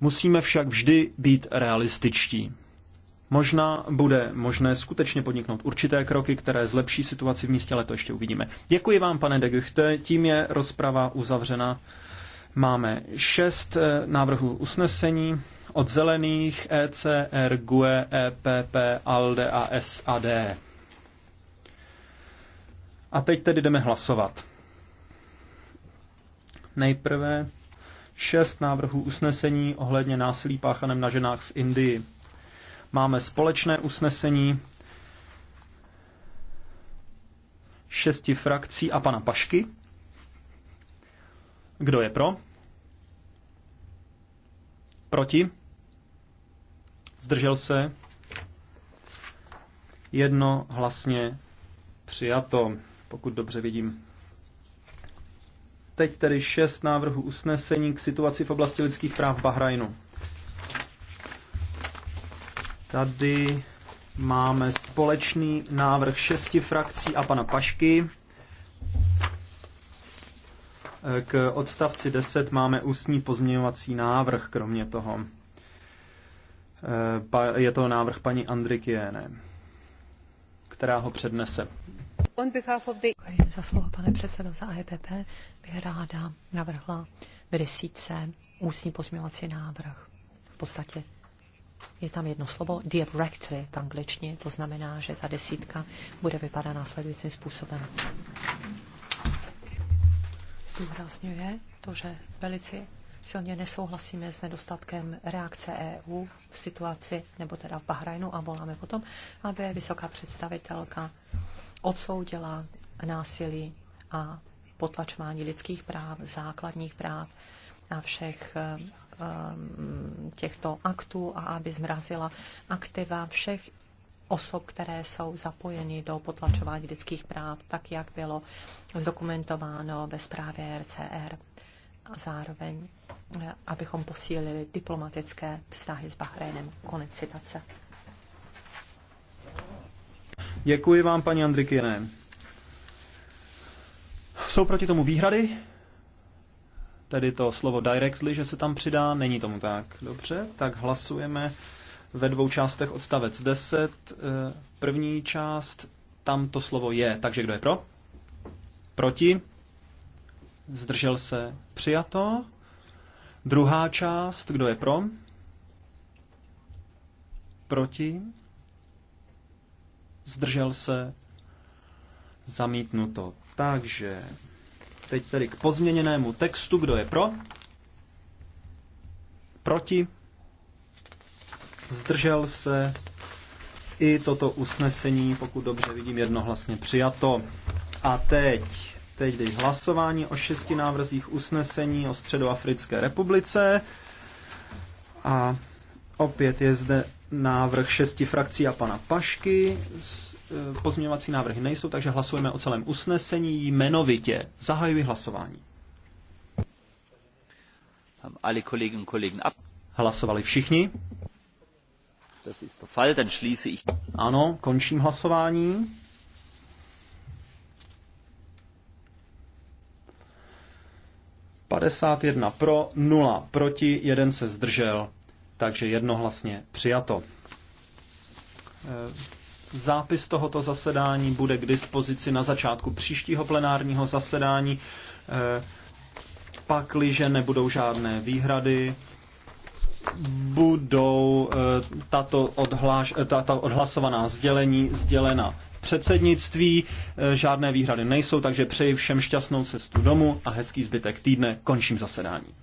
Musíme však vždy být realističtí. Možná bude možné skutečně podniknout určité kroky, které zlepší situaci v místě, ale to ještě uvidíme. Děkuji vám, pane de Guchte, tím je rozprava uzavřena. Máme šest eh, návrhů usnesení od zelených ECR, GUE, EPP, ALDE a SAD. A teď tedy jdeme hlasovat. Nejprve šest návrhů usnesení ohledně násilí páchaném na ženách v Indii. Máme společné usnesení šesti frakcí a pana Pašky. Kdo je pro? Proti? Zdržel se? Jedno hlasně přijato, pokud dobře vidím. Teď tedy šest návrhů usnesení k situaci v oblasti lidských práv v Bahrajnu. Tady máme společný návrh šesti frakcí a pana Pašky. K odstavci 10 máme ústní pozměňovací návrh, kromě toho. Je to návrh paní Andrikiene, která ho přednese. Děkuji za slovo, pane předsedo, za EPP bych ráda navrhla v desíce ústní pozměňovací návrh. V podstatě je tam jedno slovo directly v angličtině, to znamená, že ta desítka bude vypadat následujícím způsobem. Zdůrazňuje to, že velice silně nesouhlasíme s nedostatkem reakce EU v situaci, nebo teda v Bahrajnu a voláme potom, aby vysoká představitelka odsoudila násilí a potlačování lidských práv, základních práv a všech ehm, těchto aktů a aby zmrazila aktiva všech osob, které jsou zapojeny do potlačování lidských práv, tak jak bylo zdokumentováno ve zprávě RCR. A zároveň, eh, abychom posílili diplomatické vztahy s Bahrajnem. Konec citace. Děkuji vám, paní Andrikine. Jsou proti tomu výhrady? Tedy to slovo directly, že se tam přidá, není tomu tak. Dobře, tak hlasujeme ve dvou částech odstavec 10. Eh, první část, tam to slovo je. Takže kdo je pro? Proti? Zdržel se? Přijato? Druhá část, kdo je pro? Proti? zdržel se, zamítnuto. Takže teď tedy k pozměněnému textu, kdo je pro, proti, zdržel se, i toto usnesení, pokud dobře vidím, jednohlasně přijato. A teď, teď jde hlasování o šesti návrzích usnesení o Středoafrické republice. A opět je zde návrh šesti frakcí a pana Pašky. E, pozměňovací návrhy nejsou, takže hlasujeme o celém usnesení jmenovitě. Zahajuji hlasování. Hlasovali všichni? Ano, končím hlasování. Padesát jedna pro, nula proti, jeden se zdržel takže jednohlasně přijato. E, zápis tohoto zasedání bude k dispozici na začátku příštího plenárního zasedání. E, pakliže nebudou žádné výhrady, budou e, tato, odhláš, tato odhlasovaná sdělení sdělena předsednictví. Žádné výhrady nejsou, takže přeji všem šťastnou cestu domů a hezký zbytek týdne. Končím zasedání.